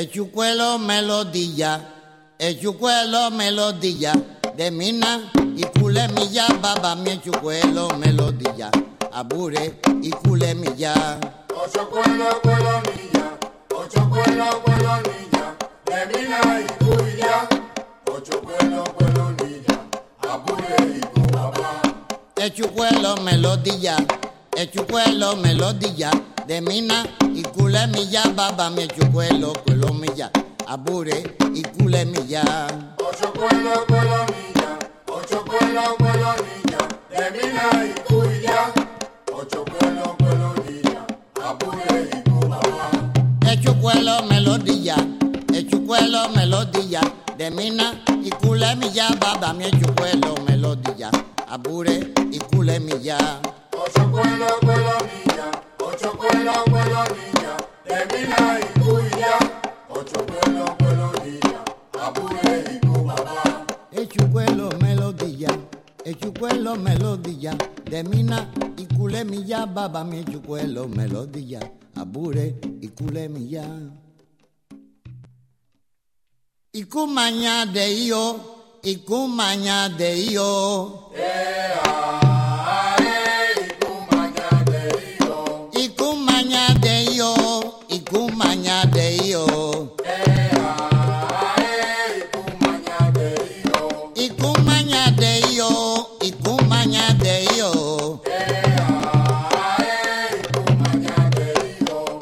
Echucuelo melodilla, echucuelo melodía, de mina y culemilla, baba mi echucuelo melodilla, abure y culemilla. Ocho cuelo cuelonilla, ocho cuelo cuelonilla, de mina y culilla, ocho cuelo cuelonilla, abure y El Echucuelo melodilla, echucuelo melodilla de mina y culemilla, baba mi echucuelo milla, abure y cule milla. Ocho cuelos, cuelo niña, ocho cuelos, cuelo niña, de mina y cuya. Ocho cuelos, cuelo niña, abure y cuba. ocho cuelo, melodía, ocho cuelo, melodía, de mina y cule milla, baba mi ocho cuelo, melodía, abure y cule milla. Ocho cuelo, Echucuelo melodía, echucuelo melodía, de mina y culemilla, baba mi echucuelo melodía, abure y culemilla. Y cumaña de yo, y cumaña de yo.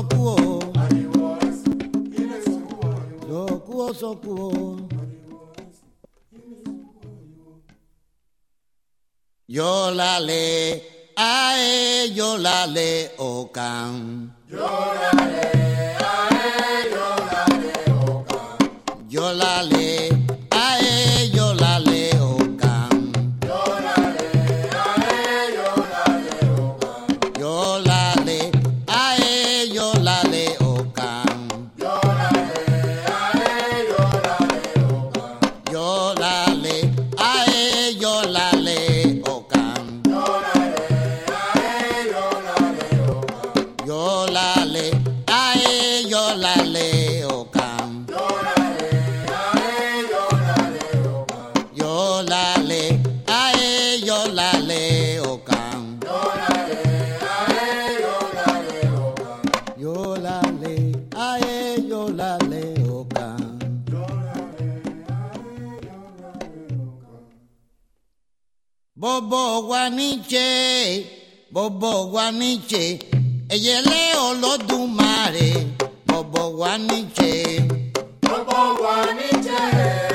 sokuo sokuo sokuo yolale ae yolale okan yolale Bobo Guaniche, Bobo Guaniche, lo Olodumare, Bobo Guaniche, Bobo Guaniche.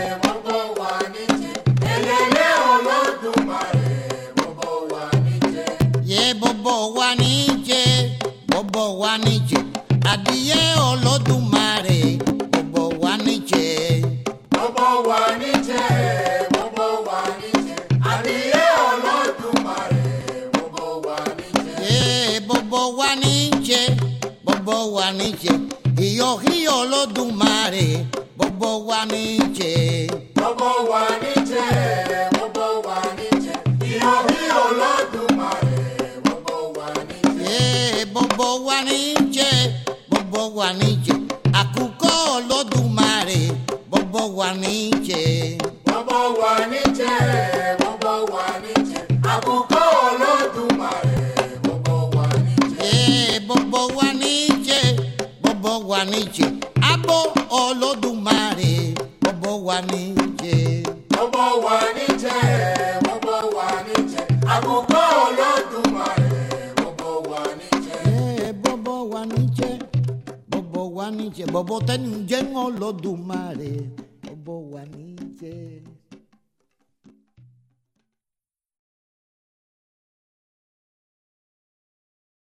Bobo wa Bobo jẹ gbogbo iyo ní jẹ ìyọ̀híyọ̀ lọ́dúnmáre Bobo wa ní jẹ. gbogbo wa ní jẹ gbogbo wa ní jẹ ìyọ̀híyọ̀ lọ́dúnmáre gbogbo wa ní jẹ. gbogbo wa ní jẹ gbogbo wa ní jẹ àkùkọ lọ́dúnmáre gbogbo wa ní níjẹ abọ́ Olódùmarè ọbọ wa níjẹ. ọbọ wa níjẹ ọbọ wa níjẹ àkùkọ Olódùmarè ọbọ wa níjẹ. ẹ bọbọ wa níjẹ Bobo wa níjẹ bọbọ tẹnu jẹ ń wa níjẹ.